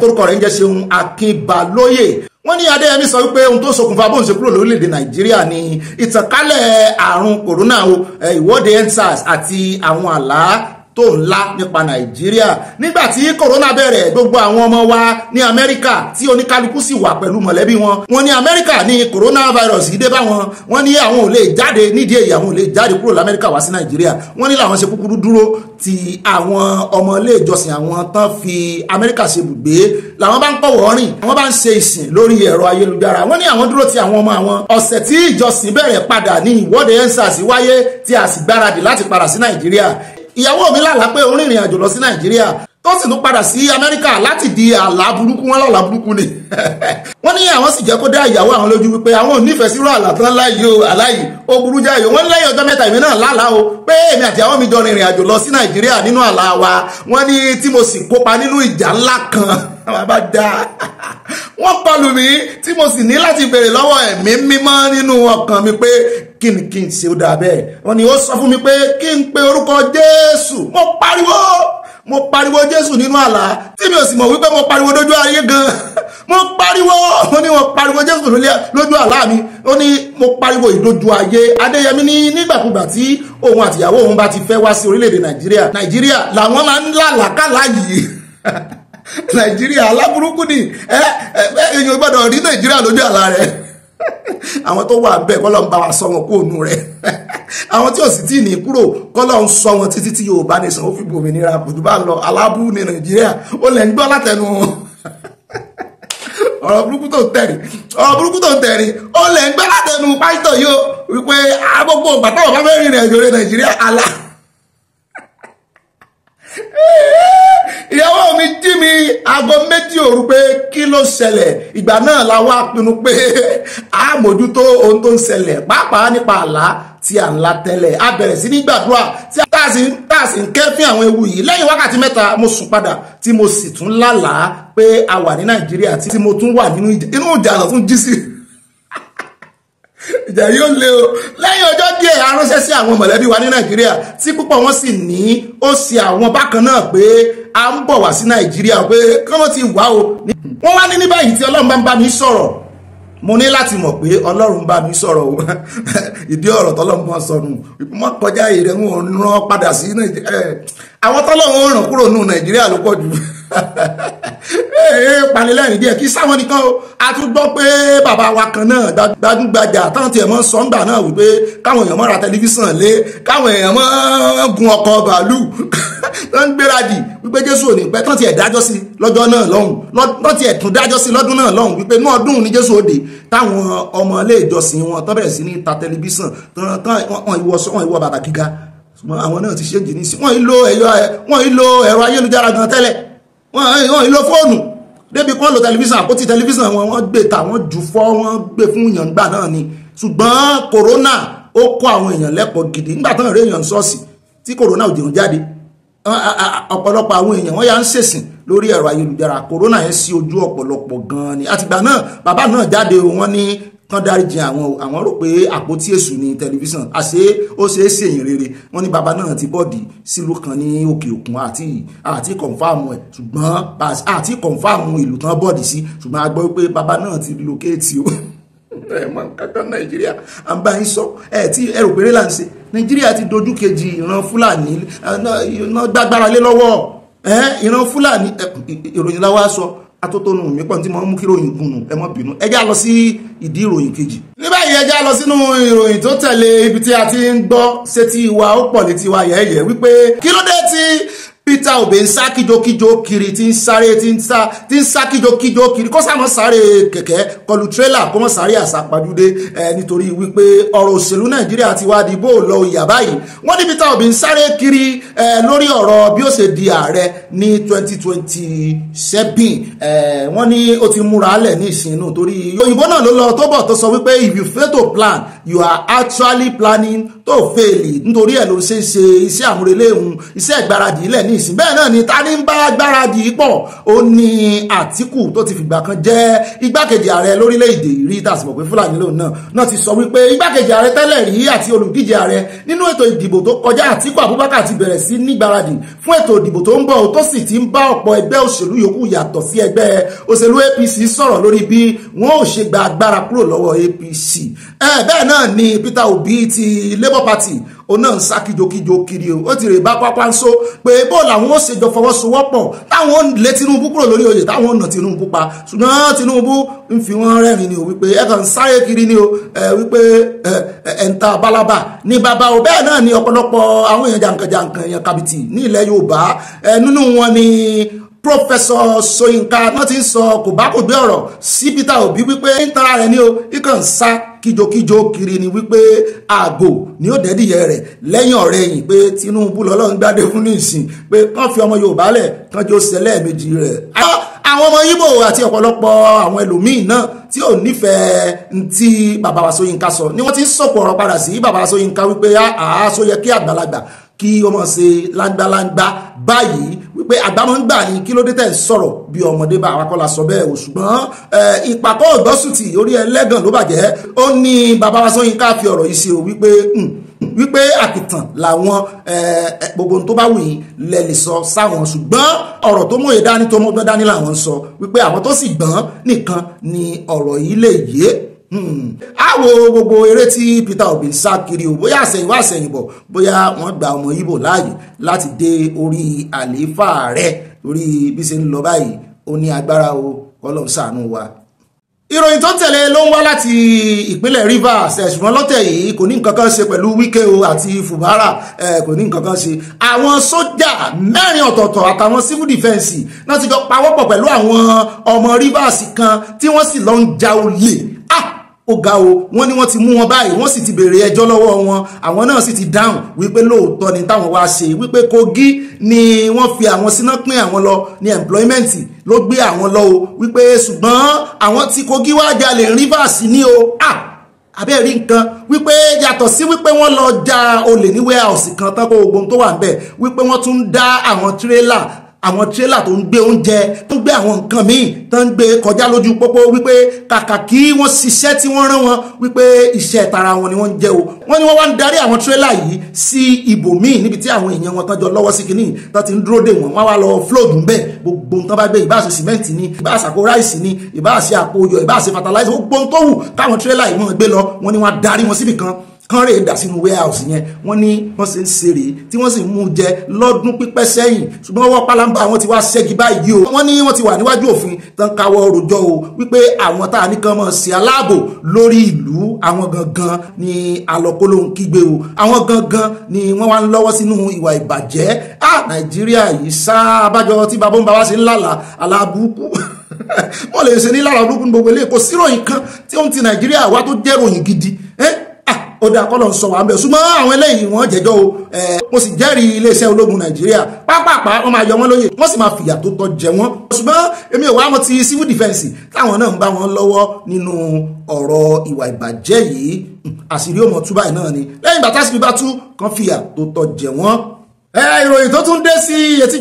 S1: torúkọ rẹ̀ ń jẹ́ ṣeun akínbalóyè wọ́n ní adéyẹmí sọ wípé ohun tó ṣokùnfà bóun ṣe kúrò lórílẹ̀‐èdè nàìjíríà ni ìtànkálẹ̀ àrùn kòrónà ìwọ́de endsars àti àwọn àlá tó ńlá nípa nàìjíríà nígbà tí kòrónà bẹ̀rẹ̀ gbogbo àwọn ọmọ wa ní amẹ́ríkà tí oníkálukú sì wà pẹ̀lú mọ̀lẹ́bí wọn wọ́n ní amẹ́ríkà ní coronavirus yìí dé bá wọn wọ́n ní àwọn ò lè jáde nídìí èyí àwọn ò lè jáde kúrò lamẹ́ríkà wá sí nàìjíríà wọ́n ní làwọn ṣe kúkúrú dúró ti àwọn ọmọ ilé ìjọsìn àwọn tán fi amẹ́ríkà ṣe bùgbé làwọn bá ń pọ̀wọ́ rìn wọ́n bá ń ṣe ìsìn lórí ẹ̀rọ ayélujára wọ́n ní àwọn dúró ti àwọn ọmọ àwọn ọ̀sẹ̀ tí ìjọsìn bẹ̀rẹ̀ padà ní ìwọ́de ensars wáyé tí a sì gbáradì láti padà sí nàìjíríà ìyàwó mi lálàá pé ó rìnrìn àjò lọ sí nàìjíríà tó sì tún padà sí amẹ́ríkà láti di àlá burúkú wọn lálàá burúkú ni [laughs] wọ́n ní àwọn sì jẹ́ kó dá ìyàwó àwọn lójú wípé àwọn ò nífẹ̀ẹ́ sírò àlá tán láàyè o aláyè ó burú jáyò wọ́n lẹ́yìn ọjọ́ mẹ́ta ìmí náà lálàá o pé èmi àti àwọn mi jọ rìnrìn àjò lọ sí nàìjíríà nínú àlá wa wọ́n ní tí mo sì kópa nínú ìjà ńlá kan [laughs] wọ́n kọlù mí tí mo sì ní láti béèrè lọ́wọ́ ẹ̀mí mímọ́ nínú ọkàn mi pé kí ni kí n ṣe ó dà bẹ́ẹ̀ wọ́n ní ó sọ fún mi pé kí n pe orúkọ Jésù mo pariwo mo pariwo Jésù nínú àlá tí mi ò sì mọ̀ wípé mo pariwo dójú ayé gan [laughs] mo pariwo mo ní mo pariwo Jésù lójú àlá mi ó ní mo pariwo ìdójú ayé Adéyẹmí ní nígbàkúgbà tí òun àtìyàwó òun bá ti fẹ́ wá sí orílẹ̀-èdè Nàìjíríà Nàìjíríà làwọn máa ń lálàkàlà yìí [laughs] nàìjíríà aláburúkú ni ẹ ẹ èèyàn gbọ́dọ̀ rí nàìjíríà lójú àlá rẹ̀ àwọn tó wà bẹ́ẹ̀ kọ́lọ́ ń bá wa sọ wọn kó ònú rẹ̀ àwọn tí ò sì tí ì ní kúrò kọ́lọ́ ń sọ wọn títí tí yorùbá nation ó fi gbòmìnira kùdù bá lọ aláburú ní nàìjíríà ó lẹ̀ ń gbọ́ látẹnu ọ̀rọ̀ burúkú tó ń tẹ̀rí ọ̀rọ̀ burúkú tó ń tẹ̀rí ó lẹ̀ ń gbọ́ látẹnu pásítọ̀ yìí ó wípé agbógbó bàtà ọ̀bá fẹ́ rìnrìn àjò nàìjíríà alá. [laughs] ìyàwó mi jí mi aago méjì òru pé kí ló ṣẹlẹ̀ ìgbà náà la wá pinnu pé [laughs] a mójútó ohun tó ń ṣẹlẹ̀ pàápàá nípa àlá tí à ń la tẹ́lẹ̀ a bẹ̀rẹ̀ sí ní gbàdúrà tí a sì ń tà sí ń kẹ́fín àwọn ewu yìí lẹ́yìn wákàtí mẹ́ta mo sùn padà tí mo sì tún lálàá pé a wà ní nàìjíríà tí mo tún wà nínú ìjà náà tún jí sí ìjà yóò le o lẹ́yìn ọjọ́ díẹ̀ aránṣẹ́ sí àwọn mọ̀lẹ́bí wa ní nàìjíríà tí púpọ̀ wọn sì ní ó ṣe àwọn bákan náà pé a ń bọ̀ wá sí nàìjíríà pé kọ́mọ́ ti wá o. wọ́n wá ní ní báyìí tí ọlọ́run bá ń bá mi sọ̀rọ̀ mo ní láti mọ̀ pé ọlọ́run bá mi sọ̀rọ̀ o [laughs] ìdí ọ̀rọ̀ tọ́lọ́run kan sọnù mọ́ kọjá èrè wọn ò padà sí nàìjíríà àwọn tọ́lọ́run ràn kúrò nù nàìjíríà ló pọ̀ jù. [laughs] [laughs] Eh, eh, palẹ̀lẹ́rìn díẹ̀ kí sáwọn nìkan o a tún gbọ́ pé bàbá wa kan náà gbajúgbajà táwọn tiẹ̀ mọ́ sọ́ńgbà náà wípé káwọn èèyàn mọ́ ra tẹlifíṣàn lé káwọn èèyàn mọ́ gun ọkọ̀ bàálù [laughs] tó ń gbéradì wípé jésù ò ní pẹ́ tán tiẹ̀ dájọ́ sí lọ́jọ́ náà lọ́hùn tán tiẹ̀ tún dájọ́ sí lọ́dún náà lọ́hùn wípé inú ọdún ni jésù òde táwọn ọmọ ilé ìjọsìn wọn tán bẹ̀rẹ̀ sí ní ta tẹlifíṣàn tán ìwọ bàtà gíga àwọn náà ti ṣe jì ní sí wọn ìlò ẹ̀rọ ayélujára gan tẹ́lẹ̀ wọ́n ìlò fóònù débi kí wọ́n lo tẹlifíṣàn àpótí tẹlifíṣàn wọn wọ́n gbé ta wọ́n jù fọ́ wọ́n gbé fún èèyàn gbà náà ni ṣùgbọ́n kòrónà ó kọ́ àwọn èèyàn lẹ́kọ̀ọ́ gidi nígbà tán rèé èèyàn ṣọ́ọ̀ṣì tí kòrónà ò dìrún jáde ọ̀pọ̀lọpọ̀ àwọn èèyàn wọ́n yà ń ṣèsìn lórí ẹ̀rọ ayélujára kòrónà yẹn sí ojú ọ̀pọ̀lọpọ̀ gan-an ni àtìgbà náà bàbá náà jáde wọ́n ní kán dáríjì àwọn o àwọn rò pé àpótí èṣù ni tẹlifíṣàn àṣé ó ṣeé ṣe èyàn rere wọ́n ní baba náà ti bọ́ọ̀dì sílùú kan ní òkè òkun àti àti kọ̀ǹfàmù ẹ̀ ṣùgbọ́n àti kọ̀ǹfàmù ìlú tán bọ́ọ̀dì sí ṣùgbọ́n a gbọ́ pé baba náà ti lókèétì o [laughs] ẹ mọ kankan nàìjíríà à ń bá yín sọ ẹ tí ẹ rò péré là ń ṣe nàìjíríà ti dojú kejì ìran fúlàní náà gbàgbára lé lọ́wọ́ ìran fúlàní ìròyìn la sọ atótónu mi pọ̀ tí mo mú kí ròyìn gùn ẹ má bínú ẹ já lọ sí ìdí ìròyìn kejì. ní báyìí ẹ já lọ sínú ìròyìn tó tẹ̀lé ibi tí a ti ń gbọ́ sétí wa ó pọ̀ létí wa yẹ̀ẹ́yẹ̀ wípé kí ló dé tí Peter Obi ń sá kíjokíjo kiri tí ń sáré tí ń sá tí ń sá kíjokíjo kiri kó sàmọ́ sáré kẹ̀kẹ́ kọlu tírélà kó mọ́ sáré nitori, ẹ nítorí wípé ọ̀rọ̀ òṣèlú Nàìjíríà ti wá di bó lọ ìyà báyìí wọ́n ní Peter Obi ń sáré kiri ẹ lórí ọ̀rọ̀ bí ó ṣe di ààrẹ ní 2027 ẹ wọ́n ní ó ti múra lẹ̀ ní ìsinú torí òyìnbó náà ló lọ tó bọ̀ tó sọ wípé if you fail to plan you are actually planning tó fèèlì nítorí ẹ̀ ló ṣe é ṣe iṣẹ́ àmúrelé òun iṣẹ́ ìgbáradì ilẹ̀ ní ìsìn bẹ́ẹ̀ náà ni ta ní ń bá gbáradì pọ̀ ó ní Àtíkù tó ti fìgbà kan jẹ́ igbákejì ààrẹ lórílẹ̀‐èdè rí tàṣìmọ̀ pé Fúlàní lòun náà náà ti sọ wípé igbákejì ààrẹ tẹ́lẹ̀ rí àti olùdíje ààrẹ nínú ètò ìdìbò tó kọjá Àtíkù Abubakar ti bẹ̀rẹ̀ sí ní gbáradì fún ètò ìdìbò tó ń bọ̀ tó sì ti ń bá ọ̀pọ̀ ẹgbẹ́ òṣèlú yòókù yàtọ̀ sí ẹgbẹ́ òṣèlú APC sọ̀rọ̀ lórí bí wọn ò ṣe gba agbára kúrò lọ́wọ́ APC ẹ bẹ́ẹ̀ náà ni Peter Obi ti labour Party. òun náà ń sá kíjokíjo kiri o ó ti rè bá pápá ń so pé bó làwọn ó ṣèjọ fọwọ́sowọ́pọ̀ táwọn ò lé Tinubu kúrò lórí oyè táwọn ò nà Tinubu pa ṣùgbọ́n Tinubu ń fi wọ́n rẹ́rìn ni o wípé ẹ kàn ń sáré kiri ni o wípé ẹ balaba ní bàbá o bẹ́ẹ̀ náà ni ọ̀pọ̀lọpọ̀ àwọn èèyàn jàǹkànjàǹkàn èèyàn kàbìtì ní ilẹ̀ Yorùbá nínú wọn ni Professor Soyinka wọ́n ti ń sọ kò bá sí Peter Obi wípé ń tara rẹ̀ ni o ikàn sá kíjokíjo kiri ni wípé ààbò ni ó dẹ́dìyẹ rẹ̀ lẹ́yìn ọ̀rẹ́ yìí pé Tinubu lọ́lọ́run gbádé fún nìsín pé kán fi ọmọ Yorùbá lẹ̀ kán jó ṣe lẹ́ẹ̀mejì rẹ̀. àwọn ọmọ Ìgbò àti ọ̀pọ̀lọpọ̀ àwọn ẹlòmíín náà tí ò nífẹ̀ẹ́ ntí bàbá wa Ṣóyínká sọ ni wọ́n ti ń sọ̀pọ̀ ọ̀rọ̀ padà sí bàbá wa Ṣóyínká wípé àá sóyẹ kí àgbàlagbà kí ó mọ̀ ṣe láńgbáláńgbá báyìí pé àgbámọ́ ń gbà ní kí ló dé tẹ̀ sọ̀rọ̀ bí ọmọdé bá àwọn akọ́lá sọ bẹ́ẹ̀ o ṣùgbọ́n ìpàkọ́ ògbọ́sùtì orí ẹlẹ́gàn ló bàjẹ́ ó ní bàbá wa Ṣóyínká fi ọ̀rọ̀ yìí ṣe o wípé hmm, wípé àkìtàn làwọn gbogbo tó bá wù yín lẹ lè sọ sáwọn ṣùgbọ́n ọ̀rọ̀ tó mòye dání tó mọ́gbọ́n dání làwọn ń sọ wípé àwọn tó sì gbọ́n nìkan ni ọ̀rọ̀ yìí lè yé Hmm. a wo gbogbo eré tí Peter Obi ń sá kiri o bóyá àsẹ̀yìnwá àsẹ̀yìnbọ̀ bóyá wọ́n gba ọmọ Ìgbò láàyè láti dé orí àlééfà rẹ̀ lórí bí ṣe ń lọ báyìí ó ní agbára o Ọlọ́run ṣàánú wa ìròyìn tó tẹ̀lé ló ń wá láti ìpínlẹ̀ Rivers ṣùgbọ́n lọ́tẹ̀ yìí kò ní nǹkan kan ṣe pẹ̀lú Wike o àti Fubara kò ní nǹkan kan ṣe àwọn sójà mẹ́rin ọ̀tọ̀ọ̀tọ̀ àtàwọn civil defence náà ti jọ pawọ́pọ̀ pẹ̀lú àwọn ọmọ Rivers kan tí wọ́n sì lọ ń ja olè ah ó ga o wọ́n ní wọ́n ti mú wọn báyìí wọ́n sì ti bèrè ẹjọ́ lọ́wọ́ wọn àwọn náà sì ti dáhùn wípé lóòótọ́ ni táwọn wá ṣe wípé Kogi ni wọ́n fi àwọn síná pín àwọn lọ ní employment ló gbé àwọn lọ o wípé ṣùgbọ́n àwọn tí Kogi wá jalè rivers ní o ah abẹ́ rí nǹkan wípé yàtọ̀ sí wípé wọ́n lọ ja olè ní warehouse kan tán kó gbogbo tó wà ń bẹ̀ wípé wọ́n tún dá àwọn tírélà àwọn tírélà tó ń gbé oúnjẹ tó ń gbé àwọn nǹkan míì tó ń gbé kọjá lójú pópó wípé kàkà kí wọ́n ṣiṣẹ́ tí wọ́n rán wọn wípé iṣẹ́ tara wọn ni wọ́n ń jẹ́ o wọ́n ní wọ́n wá ń darí àwọn tírélà yìí sí ibòmíì níbi tí àwọn èèyàn wọn tán lọ́wọ́ sí kìíní tó ti ń dúró dè wọ́n wọ́n wá lọ flood ń bẹ̀ gbogbo nǹkan bá gbé ìbáṣe sìmẹ́ǹtì ni ìbáṣe àpò ráìsì ni ìbáṣe àpò oyọ̀ ìbáṣe fatalaisi gbogbo nǹkan tó wù káwọn tírélà yìí mọ̀ gbé lọ wọ́n ní wọ́n darí wọn síbì kan kán rè dà sínú warehouse yẹn wọ́n ní wọ́n ṣe ń ṣeré tí wọ́n sì ń mú jẹ lọ́dún pípẹ́ sẹ́yìn ṣùgbọ́n ọwọ́ pálábá wọn ti wá ṣẹ́gi báyìí o wọ́n ní wọ́n ti wà níwájú òfin tán káwọ́ rojọ́ o wípé àwọn tá a ní kan máa ṣe aláàbò lórí ìlú àwọn gangan ni alọ́kóló ń kígbe o àwọn gangan ni wọ́n wá ń lọ́wọ́ sínú ìwà ìbàjẹ́ à nàìjíríà yìí sáà bájọ tí bàbá ń bá [laughs] wá sí ńlá àlàbùkù wọ́n lè ṣe ní lára burúkú ní gbogbo ilé Ah, ó dáa kọ́ lọ sọ wà ń bẹ̀ súnmọ́ àwọn eléyìí wọ́n jẹ́jọ́ o mo sì jẹ́rìí iléeṣẹ́ ológun nàìjíríà pápápá wọ́n máa yọ wọ́n lóyè wọ́n sì máa fìyà tó tọ́ jẹ wọ́n ṣùgbọ́n èmi ò wá wọn ti civil defence táwọn náà ń bá wọn lọ́wọ́ nínú ọ̀rọ̀ ìwà ìbàjẹ́ yìí hmm, àṣírí òmò túbà náà ni lẹ́yìn ìgbà tásìkò bá tú kan fìyà tó tọ́ jẹ wọ́n ìròyìn tó tún dé sí etí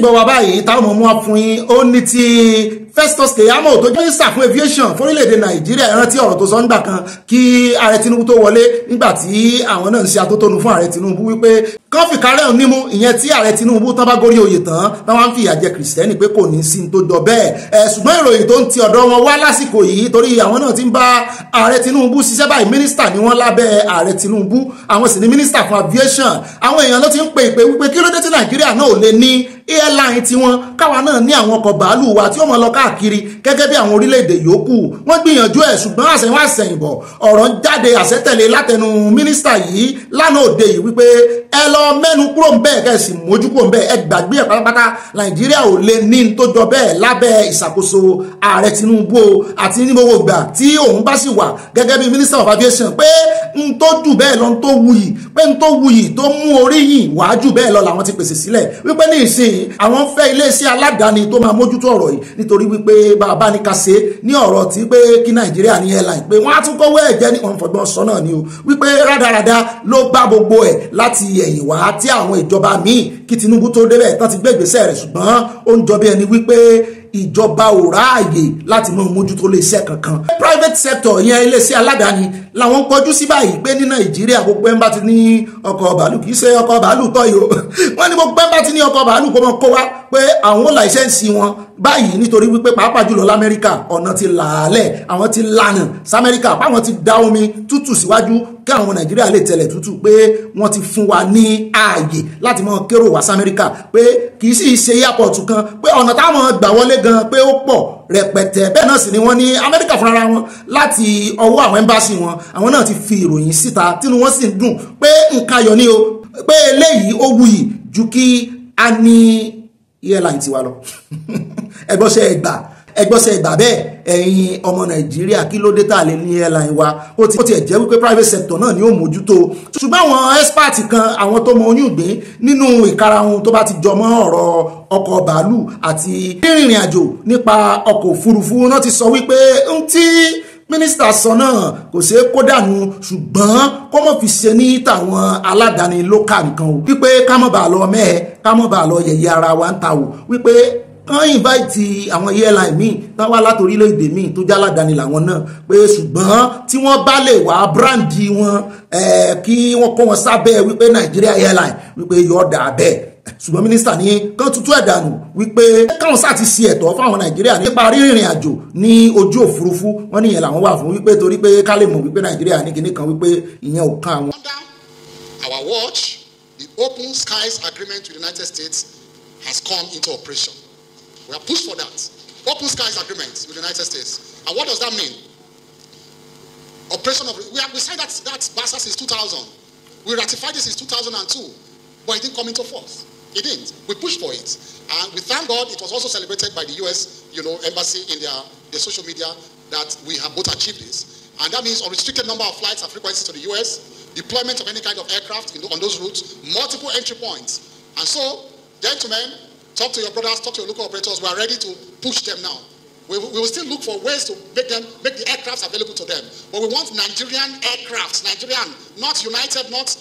S1: Festus Keyamo tó jẹ́ mínísítà fún aviation fórílẹ̀-èdè Nàìjíríà rántí ọ̀rọ̀ tó sọ nígbà kan kí ààrẹ Tinubu tó wọlé nígbà tí àwọn náà ń ṣe atótónu fún ààrẹ Tinubu wípé kọ́fì kárẹ́ ò nímú ìyẹn tí ààrẹ Tinubu tán bá gorí oyè tán tán wá ń fi ìyà jẹ kìrìsìtẹ́nì pé kò ní sí tó jọ bẹ́ẹ̀ ẹ̀ ṣùgbọ́n ìròyìn tó ń ti ọ̀dọ̀ wọn wá lásìkò yìí torí àwọn náà ti ń bá ààrẹ Tinubu ṣiṣẹ́ báyìí mínísítà ni wọ́n lábẹ́ ààrẹ Tinubu àwọn sì ni mínísítà fún aviation àwọn èèyàn ló ti ń pè pé wípé kí ló dé tí Nàìjíríà náà ò lè ní airline tiwọn káwa náà ní àwọn ọkọ̀ bàálù wa tí ó mọ̀ lọ káàkiri gẹ́gẹ́ bí àwọn orílẹ̀-èdè yòókù wọ́n gbìyànjú ẹ̀ ṣùgbọ́n àṣẹwọ́n àṣẹyìnbọ̀ ọ̀rọ̀ ń jáde àṣẹtẹ̀lé látẹnu mínísítà yìí lánàá òde yìí wípé ẹ lọ mẹ́nu kúrò ń bẹ́ẹ̀ kẹ́sì mójú kúrò ń bẹ́ẹ̀ ẹ gbàgbé ẹ̀ pátápátá nàìjíríà ò lè ní tó jọ bẹ́ẹ̀ lábẹ́ ìṣàkóso ààrẹ tinubu o àti ní gbogbo ìgbà tí òun bá sì wà gẹ́gẹ́ bí minister of aviation pé n tó jù bẹ́ẹ̀ lọ n tó wuyì pé n tó wuyì tó mú orí yìn wá jù bẹ́ẹ̀ lọ làwọn ti pèsè sílẹ̀ wípé ní ìsìn àwọn fẹ́ iléeṣẹ́ aládàáni tó máa mójútó ọ̀rọ̀ yìí nítorí wípé bàbá ní ká ṣe ní ọ̀rọ̀ tí pé kí nàìjíríà ní airline pé wọ́n á tún kówó ẹ̀jẹ̀ ní ọ̀nfọ̀gbọ́n sọ náà ni o wípé rádaràda ló gbá gbogbo ẹ̀ láti ẹ̀yìn wá tí àwọn ìjọba míì kí Tinubu tó débẹ̀ tán ti gbé ìgbésẹ̀ rẹ̀ ṣùgbọ́n ó ń jọ bí ẹni wípé ìjọba ò ráàyè láti mọ mójútó lè iṣẹ́ kankan. private sector yẹn iléeṣẹ́ aládàáni làwọn pọ̀jù sí báyìí pé ní nàìjíríà gbogbo ẹ̀ ń bá ti ní ọkọ̀ bàálù kì í ṣe ọkọ̀ bàálù tọ́ yìí o [laughs] wọ́n ní gbogbo ẹ̀ ń bá ti ní ọkọ̀ bàálù kó mọ kó wá pé àwọn láìsẹ́ǹsì wọn báyìí nítorí wípé pàápàá jùlọ lamẹ́ríkà ọ̀nà ti làálẹ̀ àwọn ti lànà samẹ́ríkà báwọn ti dá omi tútù síwájú kí àwọn nàìjíríà lè tẹ̀lẹ̀ tútù pé wọ́n ti fún wa ní ààyè láti mọ kérò wá samẹ́ríkà pé kì í sì ṣe yàpọ̀tù kan pé ọ̀nà táwọn gbà wọlé gan pé ó pọ̀ rẹpẹtẹ bẹ́ẹ̀ náà sì ni wọ́n ní amẹ́ríkà fúnra wọn láti ọwọ́ àwọn ẹ́mbáṣì wọn àwọn náà ti fi ìròyìn síta tínú wọn sì ń dùn pé nǹkan ayọ̀ ni o pé eléyìí ó wuyì ju kí a ní airline tiwa lọ [laughs] ẹgbọ́sẹ̀ ẹgbà ẹgbọ́sẹ̀ ìgbà bẹ́ẹ̀ ẹ̀yin ọmọ nàìjíríà kí ló dé tà lé ní airline wa ó ti tiẹ̀ jẹ́ wípé private sector náà ni ó mójútó ṣùgbọ́n àwọn expert kan àwọn tó mọ oyún gbé nínú ìkarahun tó bá ti jọmọ́ ọ̀rọ̀ ọkọ̀ bàálù àti rírìnrìn àjò nípa ọkọ̀ òfurufú náà ti sọ wípé ń tí mínísítà sọ náà kò ṣeé kó dànù ṣùgbọ́n kó mọ̀ fi ṣe ní tàwọn aládàáni lókà nìkan o wípé ká mọ̀ bàá lọ mẹ́ẹ̀ ká mọ̀ bàá lọ yẹ̀yẹ́ ara wa ń ta o wípé kán ìnváìtì àwọn airline míì tán wá láti orílẹ̀-èdè míì tó jáládàáni làwọn náà pé ṣùgbọ́n tí wọ́n bá lè wá bíráǹdì wọn kí wọ́n kó wọn sábẹ́ wípé Nigeria airline wípé yóò dà bẹ́ẹ̀ ṣùgbọ́n mínísítà ní kán tuntun ẹ̀dànù wípé káwọn sáà ṣe ẹ̀tọ́ fáwọn nàìjíríà nípa rírìn àjò ní ojú òfurufú wọn nìyẹn làwọn wà fún wípé torí pé ká lè mọ̀ wípé nàìjíríà ní kinní kan wípé ìyẹn ò kàn àwọn.
S2: under our watch the open skies agreement with the united states has come into operation. We have pushed for that. Open skies agreement with the United States. And what does that mean? Operation of we, have, we said that that BASA since 2000. We ratified this in 2002, but it didn't come into force. It didn't. We pushed for it, and we thank God it was also celebrated by the U.S. you know embassy in their their social media that we have both achieved this, and that means unrestricted number of flights and frequencies to the U.S., deployment of any kind of aircraft in, on those routes, multiple entry points, and so, gentlemen, Talk to your brothers, talk to your local operators. We are ready to push them now. We, we will still look for ways to make them make the aircrafts available to them. But we want Nigerian aircrafts, Nigerian, not United, not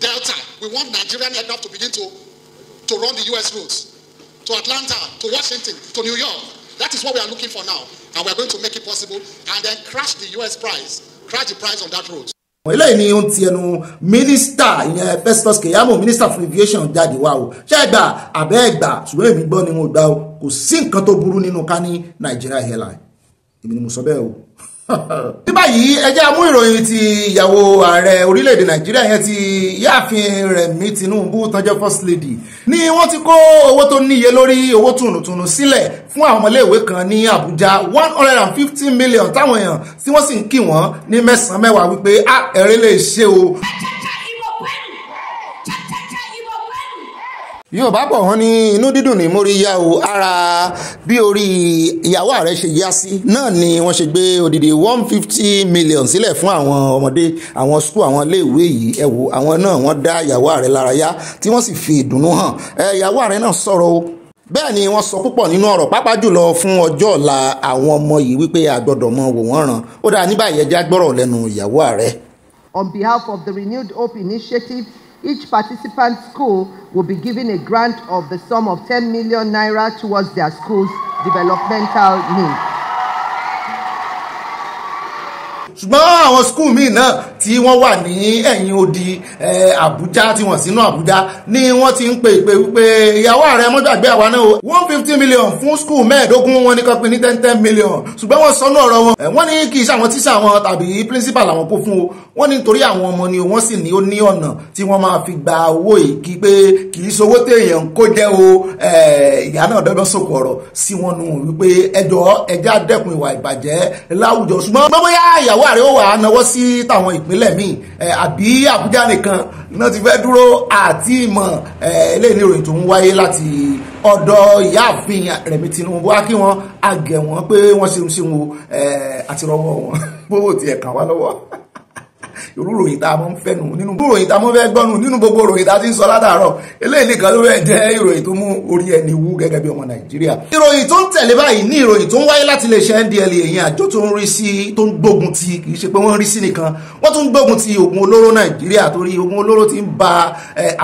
S2: Delta. We want Nigerian aircraft to begin to, to run the US routes to Atlanta, to Washington, to New York. That is what we are looking for now. And we are going to make it possible and then crash the US price, crash the price on that route
S1: eléyìí ni ohun ti ẹnu mínísítà ìyẹn Festus Keyamo mínísítà fún aviation jáde wá o ṣẹ́gbà àbẹ́ẹ̀gbà ṣùgbọ́n èmi gbọ́ ni mo gbà o kò sí nǹkan tó burú nínú ká ní Nigeria Airlines èmi ni mo sọ bẹ́ẹ̀ o ní báyìí ẹ jẹ́ amú ìròyìn ti ìyàwó ààrẹ orílẹ̀-èdè nàìjíríà yẹn ti yáàfin rẹ̀mí tinubu tọ́jọ́ first lady ni wọ́n ti kó owó tó níye lórí owó tùnùtùnù sílẹ̀ fún àwọn ọmọléèwé kan ní àbújá one hundred and fifty million táwọn èèyàn tí wọ́n sì ń kí wọ́n ní mẹ́sàn-án mẹ́wàá wípé a ah, ẹ̀rẹ́ lè ṣe o. yorùbá bọ̀ wọ́n ní inú dídùn ní mórí yá o ara bí orí ìyàwó ààrẹ ṣe yá sí náà ni wọ́n ṣe gbé odidi one fifty million sílẹ̀ fún àwọn ọmọdé àwọn skul àwọn iléèwé yìí ẹ wo àwọn náà wọ́n dá ìyàwó ààrẹ lára tí wọ́n sì fi ìdùnnú hàn ìyàwó ààrẹ náà sọ̀rọ̀ o bẹ́ẹ̀ ni wọ́n sọ púpọ̀ nínú ọ̀rọ̀ pàápàá jùlọ fún ọjọ́ ọ̀la àwọn ọmọ yìí wípé a mọ wò wọ́n ràn ó dáa ní báyìí lẹ́nu ìyàwó ààrẹ.
S2: On behalf of the Renewed Hope Initiative each
S1: participant school will be given a grant of the sum of 10 million naira towards their school's developmental needs ṣùgbọ́n àwọn skul míì náà tí wọ́n wà ní ẹ̀yìn odi Àbújá tí wọ́n sínú Àbújá ni wọ́n ti ń pè pé wípé ìyàwó ààrẹ mọ́jàgbé àwa náà one fifty million fún skul mẹ́ẹ̀ẹ́dógún wọn ní kan pin ní ten ten million ṣùgbọ́n wọ́n sọnù ọ̀rọ̀ wọn wọ́n ní kì í ṣe àwọn tíṣà wọn tàbí principal àwọn kó fún o wọ́n ní nítorí àwọn ọmọ ni wọ́n sì ní ó ní ọ̀nà tí wọ́n máa fi gba owó ìkí pé kì í ṣowó téèyàn kó jẹ́ o ìyá náà dọ́dọ́ sòkò ọ̀rọ̀ sí wọn nù wípé ẹjọ́ ẹjá dẹ́kun ìwà ìbàjẹ́ láwùjọ ṣùgbọ́n bóyá ìyàwó Buhari ó wà á nawọ́ sí tàwọn ìpínlẹ̀ míì àbí Àbújá nìkan náà ti fẹ́ dúró àti ìmọ̀ eléyìí ìròyìn tó ń wáyé láti ọ̀dọ̀ ìyáàfin Rẹ̀mí Tinubu á kí wọ́n á pé wọ́n ṣeun ṣeun o wọn [laughs] bó tiẹ̀ kàn wá lọ́wọ́ irú ròyìn tá a mọ́ ń fẹ́ nù nínú gbogbo ròyìn tá a mọ́ fẹ́ gbọ́nù nínú gbogbo ròyìn tá a ti ń sọ látàárọ̀ eléyìí nìkan ló fẹ́ jẹ́ ìròyìn tó mú orí ẹni wú gẹ́gẹ́ bí ọmọ nàìjíríà. ìròyìn tó ń tẹ̀lé báyìí ní ìròyìn tó ń wáyé láti iléeṣẹ́ ndla èyí àjọ tó ń rí sí tó ń gbógun ti kì í ṣe pé wọ́n ń rí sí nìkan wọ́n tún ń gbógun ti ogun olóró nàìjíríà torí ogun olóró ti ń ba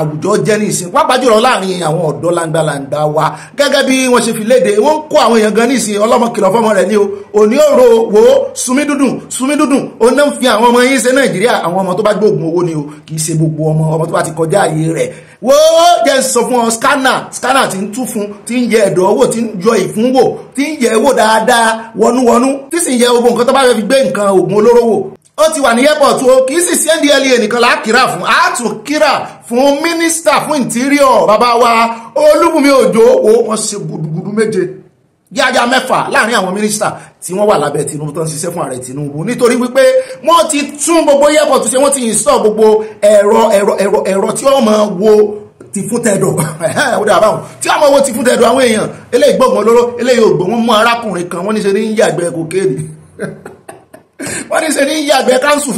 S1: àwùjọ jẹ́ ní ìsìn pàápàá jùlọ láàrin àwọn ọ̀dọ́ langbalangba wa gẹ́gẹ́ bí wọ́n ṣe fi léde wọ́n kó àwọn èèyàn gan ní ìsìn ọlọ́mọ kìlọ̀ fọ́mọ rẹ̀ ní o òní òro wo sumi dúdùn sumi dúdùn òun náà ń fi àwọn ọmọ yín ṣe nàìjíríà ṣẹ̀ríà àwọn ọmọ tó bá gbóògùn owó ni o kì í ṣe gbogbo ọmọ ọmọ tó bá ti kọjá ààyè rẹ̀ wó jẹ́ sọ fún ọ scanner scanner ti ń tú fún ti ń yẹ ẹ̀dọ̀ owó ti ń yọ ìfún wò ti ń yẹ owó dáadáa wọnúwọnú tí sì ń yẹ gbogbo nǹkan tó bá fẹ́ fi gbé nǹkan oògùn olóró wò ó ti wà ní airport o kì í sì sí ndla e nìkan lákìrà fún àtún kíra fún mínísítà fún interior bàbá wa olúbùnmi òjò owó wọn ṣe gudugudu méje yáyá mẹ́fà láàrin àwọn mínísítà tí wọ́n wà lábẹ́ Tinubu tó ń ṣiṣẹ́ fún ààrẹ Tinubu nítorí wípé wọ́n ti tún gbogbo yẹ́pọ̀ tó ṣe wọ́n ti install gbogbo ẹ̀rọ ẹ̀rọ ẹ̀rọ ẹ̀rọ tí ó máa wo ti fún [laughs] tẹ̀dọ̀ ó dà báwọn tí ó máa wo ti fún tẹ̀dọ̀ àwọn èèyàn eléyìí gbọ̀ngàn olóró eléyìí ògbò wọn mú arákùnrin kan wọ́n ní ṣe ní yàgbẹ́ kokéènì [laughs] wọ́n ní ṣe ní yàgbẹ́ káńsù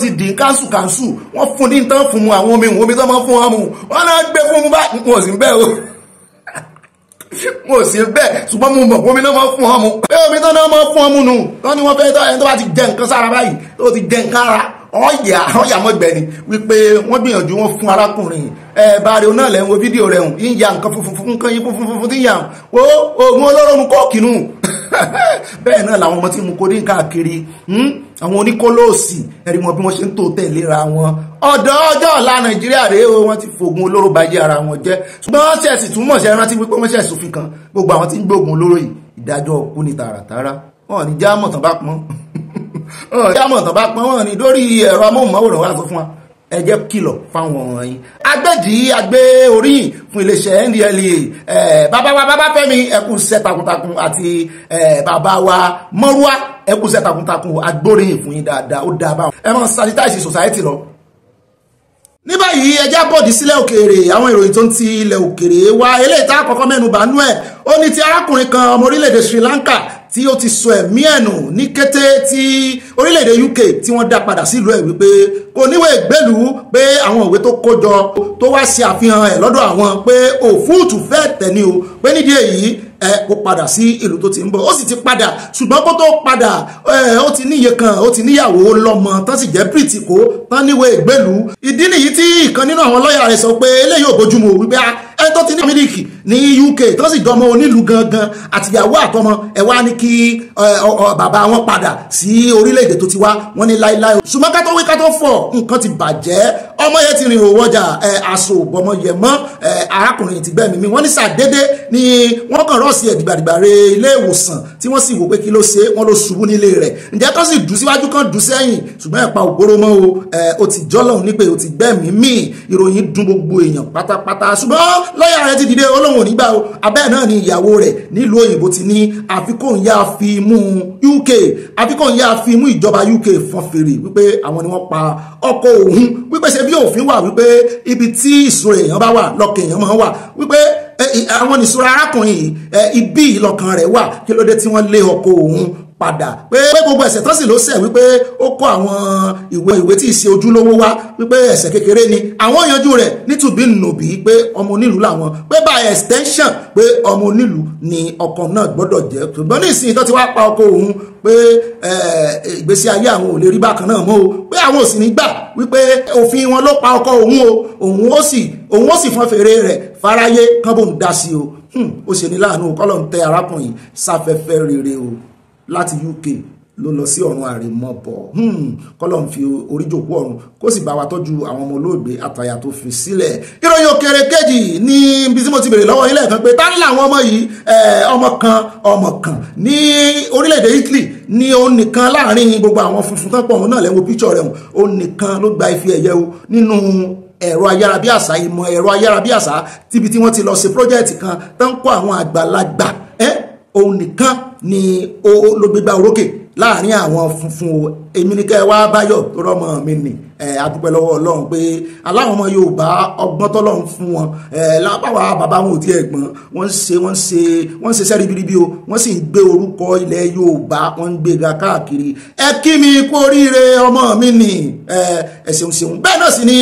S1: ti dín káńsù káńsù wọ́n fún ní tán fún mu àwọn omi òun omi tán máa fún wọn mu wọ́n náà gbé fún mu bá wọn wọn ò sí bẹ́ẹ̀ ṣùgbọ́n mo mọ̀ omi náà máa fún ọmú. pé omi tó náà máa fún ọmú nù tán ni wọ́n fẹ́ tán ẹni tó bá ti jẹ nǹkan sára báyìí tó ti jẹ nǹkan ara ọ̀yà ọ̀yà mọ́gbẹ̀ni wípé wọ́n gbìyànjú wọn fún arákùnrin ẹ bá rí onáà lẹ́hìn wo fídíò rẹ̀ hùn yíya nǹkan funfun funfun yín funfun funfun tí yà ó oògùn olóró mu kóòkì nù [laughs] bẹ́ẹ̀ náà làwọn ọmọ tí mu kó ní káàkiri hmm, àwọn oníkólóòsì ẹ̀rí wọn bí wọ́n ṣe ń tó tẹ̀léra wọn ọ̀dọ́ ọjọ́ ọ̀la nàìjíríà rèé o wọ́n ti fògùn olóró bàjẹ́ ara wọn jẹ́ ṣùgbọ́n wọ́n ṣẹ̀sì túmọ̀ ṣe rántí wípé wọ́n ṣẹ̀sùn fi kan gbogbo àwọn tí ń gbógun olóró yìí ìdájọ́ òkú ni tààràtààrà wọn ò ní já mọ̀tàn bá pọ́n ọ̀hún dámọ̀ tán bá pọ́n wọn ni lórí ẹ̀rọ amóhùnmáwòrán wa sọ fún wa ẹ jẹ́ kìlọ̀ fáwọn yín agbẹ́jì agbé oríyìn fún iléeṣẹ́ ndla bàbá wa bàbá fẹ́mi ẹkùn ṣẹ́ takuntakun àti bàbá wa mọ́rúwá ẹkùn ṣẹ́ takuntakun agbóríyìn fún yín dáadáa ó dáa báwọn ẹ mọ sanitize society lọ. ní báyìí ẹjẹ́ bọ́ọ̀dì sílẹ̀ òkèèrè àwọn ìròyìn tó ń ti ilẹ̀ òkèèrè wa eléyìí tá a kọ́kọ́ mẹ́nu bá nú ẹ̀ ó ní ti arákùnrin kan ọmọ orílẹ̀-èdè Sri Lanka tí ó ti sọ ẹ̀mí ẹ̀nù ní kété tí orílẹ̀-èdè UK tí wọ́n dá padà sílùú ẹ̀ wípé kò níwèé gbèlú pé àwọn òwe tó kó jọ tó wá ṣe àfihàn ẹ̀ lọ́dọ̀ àwọn pé òfúùtù fẹ́ tẹ̀ o pé nídìí èyí ẹ kó padà sí ìlú tó ti ń bọ̀ ó sì ti padà ṣùgbọ́n kó tó padà ó ti níye kan ó ti níyàwó lọ́mọ tán sì jẹ́ bìrìtìkó tán níwèé gbèlú ìdí nìyí tí ìkan nínú àwọn lọ́ọ̀yà rẹ̀ sọ pé eléyìí ò bójúmu wípé ah, ẹni tó ti ní mílíkì ní UK tó sì dọmọ onílùú gangan àtìyàwó àtọmọ ẹ wá ní kí bàbá wọn padà sí orílẹ̀-èdè tó ti wá wọn ní láíláí ṣùgbọ́n ká tó wí ká tó fọ̀ nǹkan ti bàjẹ́ ọmọ yẹn ti rìn òwọ́jà aṣọ òbọmọ yẹn mọ́ arákùnrin ti gbẹ̀mí mi wọ́n ní sàdédé ni wọ́n kàn rọ́ọ̀sì ẹ̀ dìgbàdìgbà re ilé ìwòsàn tí wọ́n sì wò pé kí ló ṣe wọ́n ló ṣubú nílé rẹ̀ ǹjẹ́ tó sì dùn síwájú kan dùn sẹ́yìn ṣùgbọ́n ẹ̀pa ògbóró mọ́ o ó ti jọ́lọ́hún nípe ó ti gbẹ̀mí mi ìròyìn dùn gbogbo èèyàn pátápátá ṣùgbọ́n lọ́ọ̀yà rẹ̀ ti dìde Ọlọ́run ò ní o abẹ́ẹ̀ náà ni ìyàwó rẹ̀ nílùú òyìnbó ti ní àfikún ìyá fi mú UK àfikún ya fi mú ìjọba UK fọn fèrè wípé àwọn ni wọ́n pa ọkọ òun wípé ṣe bí òfin wà wípé ibi tí ìṣúra èèyàn bá wà lọ́kàn èèyàn máa wà wípé àwọn ìṣúra arákùnrin ibi ìlọ́kàn rẹ̀ wà kí ló dé tí wọ́n lé ọkọ òun padà pé gbogbo ẹ̀ṣẹ̀ tán sì ló ṣẹ̀ wípé ó kó àwọn ìwé ìwé tí ì ṣe ojúlówó wá wípé ẹ̀ṣẹ̀ kékeré ni àwọn yanjú rẹ̀ nítùbí nùbí pé ọmọ onílùú làwọn pé by extension pé ọmọ onílùú ni ọkàn náà gbọ́dọ̀ jẹ́ ṣùgbọ́n ní ìsìn tó ti wá pa ọkọ òun pé ìgbésí ayé àwọn ò lè rí bákan náà mọ́ o pé àwọn ò sì ní gbà wípé òfin wọn ló pa ọkọ òun o òun ó sì òun ó sì fọn fèrè rẹ̀ fáráyé kán bóun o hmm, ó ṣe ní láàánú kọ́lọ̀ ń tẹ arákùnrin sáfẹ́fẹ́ rere o láti UK ló lọ sí ọ̀run àrèmọ́bọ̀ hmm, kọ́lọ́n fi oríjòkú ọ̀run kó sì bá wa tọ́jú àwọn ọmọ olóògbé àtàyà tó fi sílẹ̀. ìròyìn òkèrè kejì ní ibi tí mo ti bèrè lọ́wọ́ ilé ẹ̀kan pé tá ní làwọn ọmọ yìí ọmọ kan ọmọ kan ní orílẹ̀-èdè Italy ní òun nìkan láàrin gbogbo àwọn funfun tán pọ̀ òun náà lẹ́wọ̀n píṣọ̀ rẹ̀ òun nìkan ló gba ife ẹ̀yẹ o nínú ẹ̀rọ ayárabíàṣá ìmọ̀ ẹ̀rọ ayárabíàṣá tíbi tí wọ́n ti lọ ṣe pírójẹ́ẹ̀tì kan tán kó àwọn àgbàlagbà òun nìkan ni ó ló gbégbá orókè láàrin àwọn funfun o èmi ní kẹ́ ẹ wá báyọ̀ tó rọ́mọ mi nì adúpẹ́ lọ́wọ́ ọlọ́run pé aláwọn ọmọ yorùbá ọgbọ́n tọ́lọ́run fún wọn lápáwá bàbá wọn ò tí ẹ̀ gbọ́n wọ́n ń ṣe wọ́n ṣe wọ́n ṣe sẹ́rí biribi o wọ́n sì ń gbé orúkọ ilẹ̀ yorùbá wọ́n ń gbéga káàkiri ẹ kí mi kú oríire ọmọ mi nì ẹ ṣeun ṣeun bẹ́ẹ̀ náà sì ni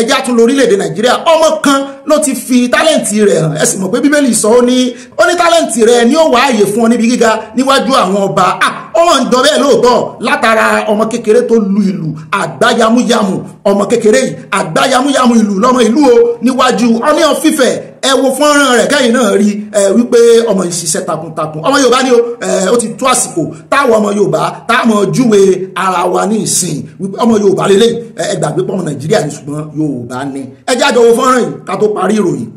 S1: ẹja tún lórílẹ̀ nàìjíríà ọmọ kan ló ti fi tálẹ̀ǹtì rẹ̀ hàn ẹ sì mọ̀ pé bíbélì sọ ó ní ó ní tálẹ̀ǹtì rẹ̀ ni ó wà ààyè fún ọ níbi gíga níwájú àwọn ọba ah! ó hàn jọ bẹ́ẹ̀ lóòótọ́ látara ọmọ kékeré tó lu ìlú àgbáyamuyamu ọmọ kékeré yìí àgbáyamuyamu ìlú lọ́mọ ìlú o níwájú onion fífẹ̀ ẹ wo fọ́nrán rẹ̀ kẹ́yìn náà rí ẹ wípé ọmọ yìí ṣiṣẹ́ takuntakun ọmọ yorùbá ni ó ẹ ó ti tó àsìkò táwọn ọmọ yorùbá táwọn júwe ara wa ní ìsìn wípé ọmọ yorùbá lélẹ̀ ẹ gbàgbé pọ́n nàìjíríà ní ṣùgbọ́n yorùbá ni ẹ jáde wo fọ́nrán yìí ká tó parí ìròyìn.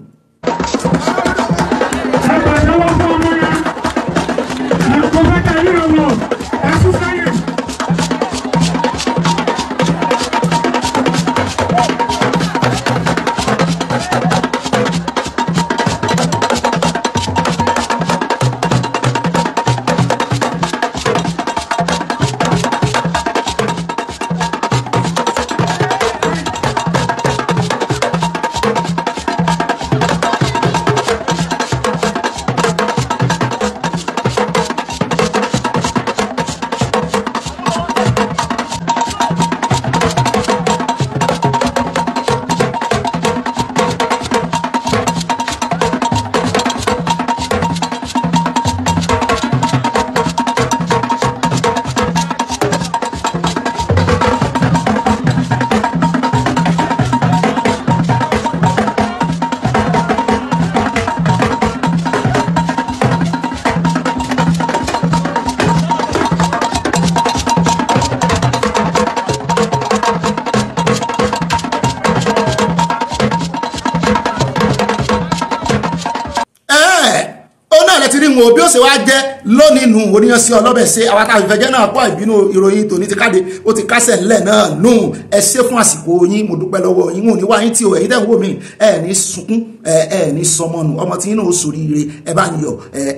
S1: ṣe wá jẹ́ lónìí nù oníyan sí ọlọ́bẹ̀ ṣe àwọn tá a fẹ́ náà pọ̀ ìbínú ìròyìn tòní ti káde ó ti kásẹ̀ lẹ̀ náà nù ẹ fún àsìkò yín mo dúpẹ́ lọ́wọ́ yín wọn ò ní wá yín tí o ẹ̀yin tẹ̀ ń ẹ̀ ní sunkún ẹ̀ ní sọmọnù ọmọ tí inú oṣù rire ẹ bá ń yọ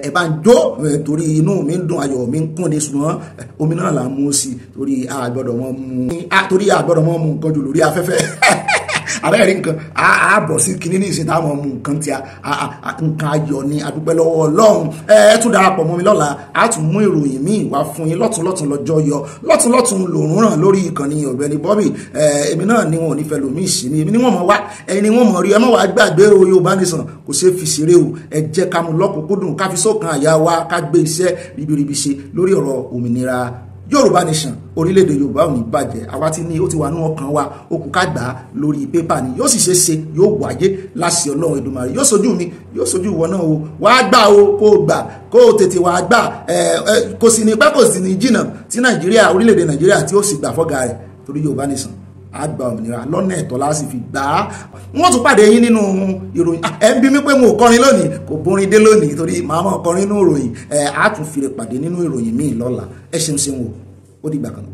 S1: ẹ bá ń jó torí inú mi ń dùn ayọ̀ mi ń kún ní ṣùgbọ́n omi náà là ń mú sí torí àgbọ̀dọ̀ mọ́ mu torí àgbọ̀dọ̀ mọ́ mu nǹkan jù lórí afẹ́fẹ́ [laughs] abẹ́rẹ́ nǹkan ààbọ̀ sí kinní ní ìsìn táwọn ọmọ nǹkan tí nǹkan ayọ̀ ni adúpẹ́ lọ́wọ́ ọlọ́run ẹ tún darapọ̀ mọ́ mi lọ́la a tún mú ìròyìn míì wá fún yín lọ́tún lọ́tún lọ́jọ́ yọ lọ́tún lọ́tún lòún ràn lórí ìkànnì ọ̀gbẹ́ni Bobby èmi náà ni wọn ò ní fẹ́ lòmí ìsìn mi èmi ni wọ́n mọ̀ wá ẹni wọ́n mọ̀ rí ẹ mọ̀ wá gbàgbé o Yorùbá nìsàn kò ṣeé fi ṣeré o ẹ jẹ́ ká mú lọ́kùnkúndùn ká yorùbá nation orílẹ̀-èdè yorùbá ò ní bàjẹ́ àwa ti ní ó ti wà ní ọkàn wa okùn lórí pépà ni yóò sì ṣe ṣe yóò wáyé láṣẹ ọlọ́run Èdùmàrè yóò sojú mi yóò sojú ìwọ náà o wàá gbà o kó o gbà kó o tètè wàá gbà kò sì ní pẹ́ kò sì ní jìnnà tí nàìjíríà orílẹ̀-èdè nàìjíríà tí ó sì gbà fọ́gà rẹ̀ torí yorùbá nation a gba òmìnira lọ́nà ẹ̀tọ́ la sì fi gbà á wọ́n tún pàdé yín nínú ìròyìn ah, ẹ̀ ń bí mi pé mo kọrin lónìí kò borin dé lónìí torí màá mọ̀ kọrin nínú ìròyìn ẹ̀ á tún fi lè pàdé nínú ìròyìn míì lọ́la ẹ ṣeun ṣeun o ó dìgbà kan